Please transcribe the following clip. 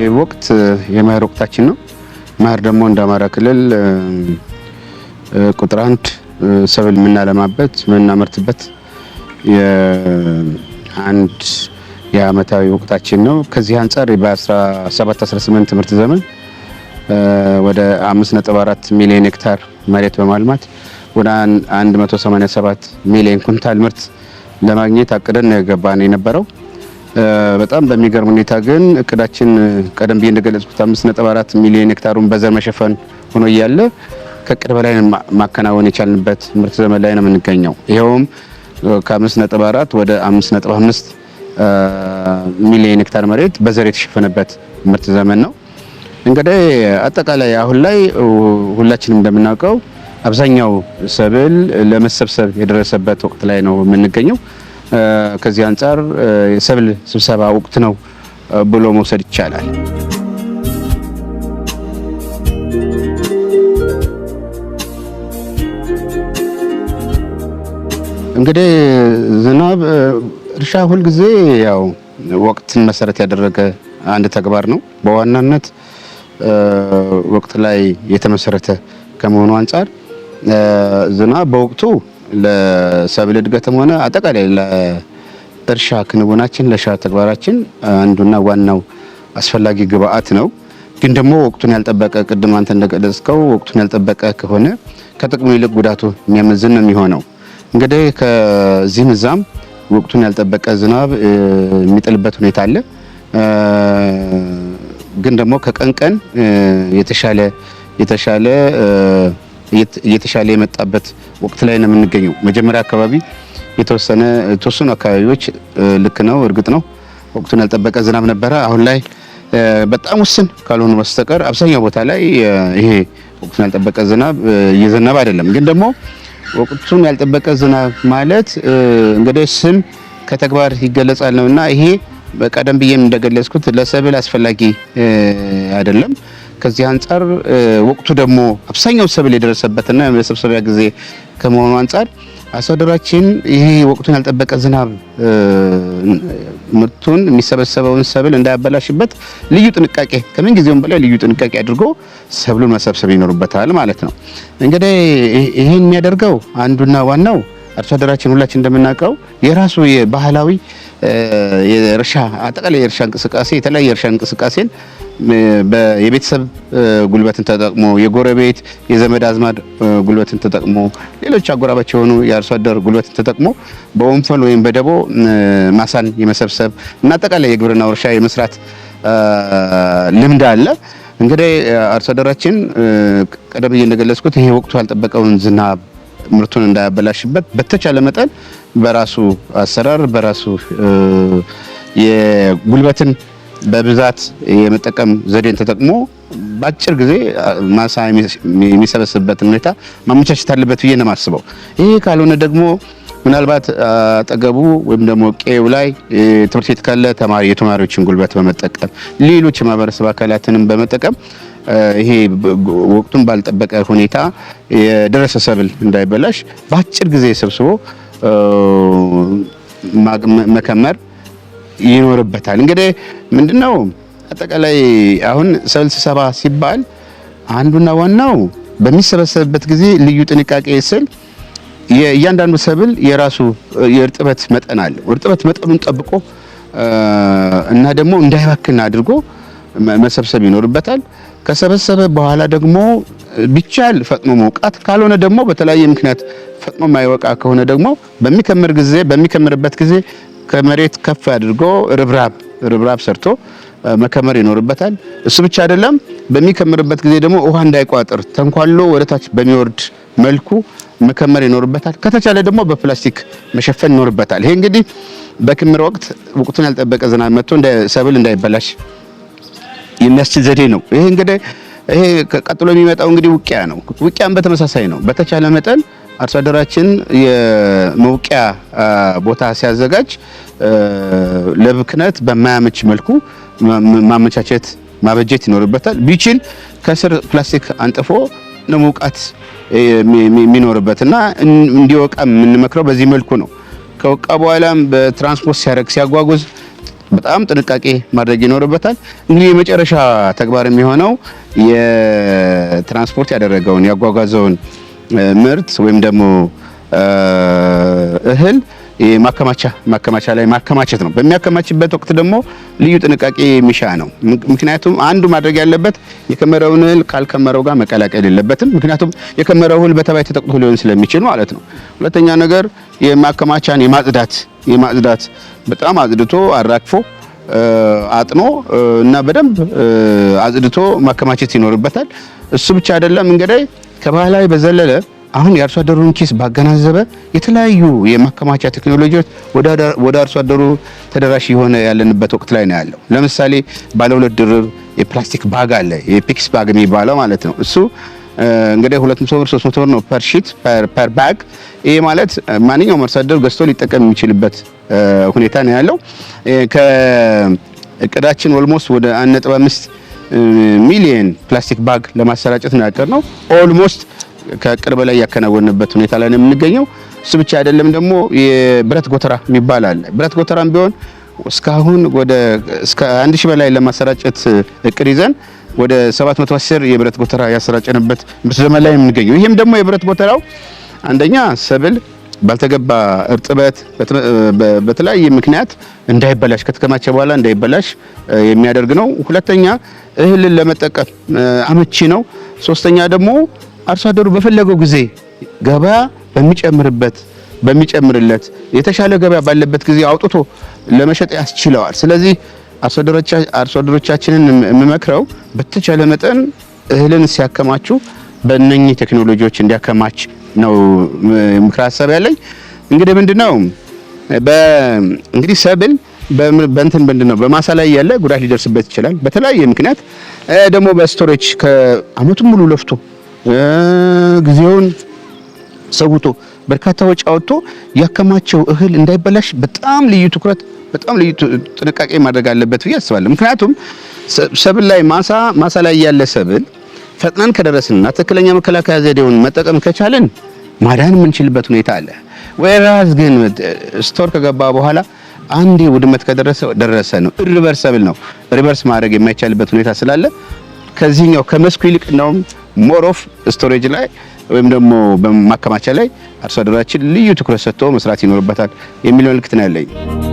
ይህ ወቅት የመኸር ወቅታችን ነው። መኸር ደግሞ እንደ አማራ ክልል ቁጥር አንድ ሰብል የምናለማበት የምናመርትበት አንድ የአመታዊ ወቅታችን ነው። ከዚህ አንጻር በ17 18 ትምህርት ዘመን ወደ 5.4 ሚሊዮን ሄክታር መሬት በማልማት ወደ 187 ሚሊዮን ኩንታል ምርት ለማግኘት አቅደን ገባን የነበረው። በጣም በሚገርም ሁኔታ ግን እቅዳችን ቀደም ብዬ እንደገለጽኩት 5.4 ሚሊዮን ሄክታሩን በዘር መሸፈን ሆኖ እያለ ከእቅድ በላይ ማከናወን የቻልንበት ምርት ዘመን ላይ ነው የምንገኘው። ይኸውም ከ5.4 ወደ 5.5 ሚሊዮን ሄክታር መሬት በዘር የተሸፈነበት ምርት ዘመን ነው። እንግዲህ አጠቃላይ አሁን ላይ ሁላችንም እንደምናውቀው አብዛኛው ሰብል ለመሰብሰብ የደረሰበት ወቅት ላይ ነው የምንገኘው። ከዚህ አንጻር የሰብል ስብሰባ ወቅት ነው ብሎ መውሰድ ይቻላል። እንግዲህ ዝናብ እርሻ ሁልጊዜ ያው ወቅትን መሰረት ያደረገ አንድ ተግባር ነው። በዋናነት ወቅት ላይ የተመሰረተ ከመሆኑ አንጻር ዝናብ በወቅቱ ለሰብል እድገትም ሆነ አጠቃላይ ለእርሻ ክንውናችን ለእርሻ ተግባራችን አንዱና ዋናው አስፈላጊ ግብአት ነው። ግን ደግሞ ወቅቱን ያልጠበቀ ቅድም አንተ እንደገለጽከው ወቅቱን ያልጠበቀ ከሆነ ከጥቅሙ ይልቅ ጉዳቱ የሚያመዝን ነው የሚሆነው። እንግዲህ ከዚህም እዛም ወቅቱን ያልጠበቀ ዝናብ የሚጥልበት ሁኔታ አለ። ግን ደግሞ ከቀን ቀን የተሻለ የተሻለ እየተሻለ የመጣበት ወቅት ላይ ነው የምንገኘው። መጀመሪያ አካባቢ የተወሰነ የተወሰኑ አካባቢዎች ልክ ነው፣ እርግጥ ነው ወቅቱን ያልጠበቀ ዝናብ ነበረ። አሁን ላይ በጣም ውስን ካልሆኑ በስተቀር አብዛኛው ቦታ ላይ ይሄ ወቅቱን ያልጠበቀ ዝናብ እየዘነበ አይደለም። ግን ደግሞ ወቅቱን ያልጠበቀ ዝናብ ማለት እንግዲህ ስም ከተግባር ይገለጻል እና ይሄ በቀደም ብዬም እንደገለጽኩት ለሰብል አስፈላጊ አይደለም። ከዚህ አንጻር ወቅቱ ደግሞ አብዛኛው ሰብል የደረሰበትና የመሰብሰቢያ ጊዜ ከመሆኑ አንጻር አርሶ አደራችን ይሄ ወቅቱን ያልጠበቀ ዝናብ ምርቱን የሚሰበሰበውን ሰብል እንዳያበላሽበት ልዩ ጥንቃቄ ከምን ጊዜውም በላይ ልዩ ጥንቃቄ አድርጎ ሰብሉን መሰብሰብ ይኖርበታል ማለት ነው። እንግዲህ ይሄን የሚያደርገው አንዱና ዋናው አርሶ አደራችን ሁላችን እንደምናውቀው የራሱ የባህላዊ የእርሻ አጠቃላይ የእርሻ እንቅስቃሴ የተለያየ የእርሻ እንቅስቃሴን የቤተሰብ ጉልበትን ተጠቅሞ የጎረቤት የዘመድ አዝማድ ጉልበትን ተጠቅሞ ሌሎች አጎራባች የሆኑ የአርሶ አደር ጉልበትን ተጠቅሞ በወንፈል ወይም በደቦ ማሳን የመሰብሰብ እና አጠቃላይ የግብርና እርሻ የመስራት ልምድ አለ። እንግዲህ አርሶ አደራችን ቀደም እየነገለጽኩት ይሄ ወቅቱ ያልጠበቀውን ዝናብ ምርቱን እንዳያበላሽበት በተቻለ መጠን በራሱ አሰራር በራሱ የጉልበትን በብዛት የመጠቀም ዘዴን ተጠቅሞ በአጭር ጊዜ ማሳ የሚሰበስብበትን ሁኔታ ማመቻቸት አለበት ብዬ ነው የማስበው። ይህ ካልሆነ ደግሞ ምናልባት አጠገቡ ወይም ደግሞ ቄው ላይ ትምህርት ቤት ካለ ተማሪ የተማሪዎችን ጉልበት በመጠቀም ሌሎች የማህበረሰብ አካላትንም በመጠቀም ይሄ ወቅቱን ባልጠበቀ ሁኔታ የደረሰ ሰብል እንዳይበላሽ በአጭር ጊዜ ሰብስቦ መከመር ይኖርበታል። እንግዲህ ምንድነው አጠቃላይ አሁን ሰብል ስብሰባ ሲባል አንዱና ዋናው በሚሰበሰብበት ጊዜ ልዩ ጥንቃቄ ስል የእያንዳንዱ ሰብል የራሱ የእርጥበት መጠን አለ። እርጥበት መጠኑን ጠብቆ እና ደግሞ እንዳይባክን አድርጎ መሰብሰብ ይኖርበታል። ከሰበሰበ በኋላ ደግሞ ቢቻል ፈጥኖ መውቃት፣ ካልሆነ ደግሞ በተለያየ ምክንያት ፈጥኖ ማይወቃ ከሆነ ደግሞ በሚከምር ጊዜ በሚከምርበት ጊዜ ከመሬት ከፍ አድርጎ ርብራብ ርብራብ ሰርቶ መከመር ይኖርበታል። እሱ ብቻ አይደለም፣ በሚከምርበት ጊዜ ደግሞ ውሃ እንዳይቋጥር ተንኳሎ ወደታች በሚወርድ መልኩ መከመር ይኖርበታል። ከተቻለ ደግሞ በፕላስቲክ መሸፈን ይኖርበታል። ይሄ እንግዲህ በክምር ወቅት ወቅቱን ያልጠበቀ ዝናብ መጥቶ ሰብል እንዳይበላሽ የሚያስችል ዘዴ ነው። ይሄ እንግዲህ ይሄ ቀጥሎ የሚመጣው እንግዲህ ውቂያ ነው። ውቂያም በተመሳሳይ ነው። በተቻለ መጠን አርሶ አደራችን የመውቂያ ቦታ ሲያዘጋጅ ለብክነት በማያመች መልኩ ማመቻቸት ማበጀት ይኖርበታል። ቢችል ከስር ፕላስቲክ አንጥፎ ለመውቃት የሚኖርበት እና እንዲወቃ የምንመክረው በዚህ መልኩ ነው። ከወቃ በኋላም በትራንስፖርት ሲያደርግ ሲያጓጉዝ በጣም ጥንቃቄ ማድረግ ይኖርበታል። እንግዲህ የመጨረሻ ተግባር የሚሆነው የትራንስፖርት ያደረገውን ያጓጓዘውን ምርት ወይም ደግሞ እህል ማከማቻ ማከማቻ ላይ ማከማቸት ነው። በሚያከማችበት ወቅት ደግሞ ልዩ ጥንቃቄ የሚሻ ነው። ምክንያቱም አንዱ ማድረግ ያለበት የከመረውን እህል ካልከመረው ጋር መቀላቀል የለበትም። ምክንያቱም የከመረው እህል በተባይ ተጠቅቶ ሊሆን ስለሚችል ማለት ነው። ሁለተኛ ነገር የማከማቻን የማጽዳት የማጽዳት በጣም አጽድቶ አራግፎ አጥኖ እና በደንብ አጽድቶ ማከማቸት ይኖርበታል። እሱ ብቻ አይደለም እንግዲህ ከባህላዊ በዘለለ አሁን የአርሶ አደሩን ኪስ ባገናዘበ የተለያዩ የማከማቻ ቴክኖሎጂዎች ወደ አርሶ አደሩ ተደራሽ የሆነ ያለንበት ወቅት ላይ ነው ያለው። ለምሳሌ ባለ ሁለት ድርብ የፕላስቲክ ባግ አለ፣ የፒክስ ባግ የሚባለው ማለት ነው። እሱ እንግዲህ 200 ብር 300 ብር ነው ፐር ሺት ፐር ባግ። ይሄ ማለት ማንኛውም አርሶ አደሩ ገዝቶ ሊጠቀም የሚችልበት ሁኔታ ነው ያለው። ከእቅዳችን ኦልሞስት ወደ 1.5 ሚሊየን ፕላስቲክ ባግ ለማሰራጨት ነው ያቀር ነው ኦልሞስት ከቅር በላይ ያከናወነበት ሁኔታ ላይ ነው የምንገኘው። እሱ ብቻ አይደለም፣ ደግሞ የብረት ጎተራ የሚባል አለ። ብረት ጎተራም ቢሆን እስካሁን ወደ እስከ 1000 በላይ ለማሰራጨት እቅድ ይዘን ወደ 700 አስር የብረት ጎተራ ያሰራጨንበት በዘመን ላይ የምንገኘው። ይህም ደግሞ የብረት ጎተራው አንደኛ ሰብል ባልተገባ እርጥበት በተለያየ ምክንያት እንዳይበላሽ ከተከማቸ በኋላ እንዳይበላሽ የሚያደርግ ነው። ሁለተኛ እህልን ለመጠቀም አመቺ ነው። ሶስተኛ ደግሞ አርሶ አደሩ በፈለገው ጊዜ ገበያ በሚጨምርበት በሚጨምርለት የተሻለ ገበያ ባለበት ጊዜ አውጥቶ ለመሸጥ ያስችለዋል። ስለዚህ አርሶ አደሮቻችንን የምመክረው በተቻለ መጠን እህልን ሲያከማቹ በእነኚህ ቴክኖሎጂዎች እንዲያከማች ነው ምክር ሀሳብ ያለኝ። እንግዲህ ምንድነው እንግዲህ ሰብል በእንትን ምንድን ነው በማሳ ላይ ያለ ጉዳት ሊደርስበት ይችላል። በተለያየ ምክንያት ደግሞ በስቶሬጅ ከአመቱን ሙሉ ለፍቶ ጊዜውን ሰውቶ በርካታ ወጪ አውጥቶ ያከማቸው እህል እንዳይበላሽ በጣም ልዩ ትኩረት በጣም ልዩ ጥንቃቄ ማድረግ አለበት ብዬ አስባለሁ። ምክንያቱም ሰብል ላይ ማሳ ማሳ ላይ ያለ ሰብል ፈጥነን ከደረስንና ትክክለኛ መከላከያ ዘዴውን መጠቀም ከቻልን ማዳን የምንችልበት ሁኔታ አለ። ወይራስ ግን ስቶር ከገባ በኋላ አንዴ ውድመት ከደረሰ ደረሰ ነው። ሪቨርሰብል ነው። ሪቨርስ ማድረግ የማይቻልበት ሁኔታ ስላለ ከዚህኛው ከመስኩ ይልቅ እንደውም ሞር ኦፍ ስቶሬጅ ላይ ወይም ደግሞ በማከማቻ ላይ አርሶ አደራችን ልዩ ትኩረት ሰጥቶ መስራት ይኖርበታል የሚል መልእክት ነው ያለኝ።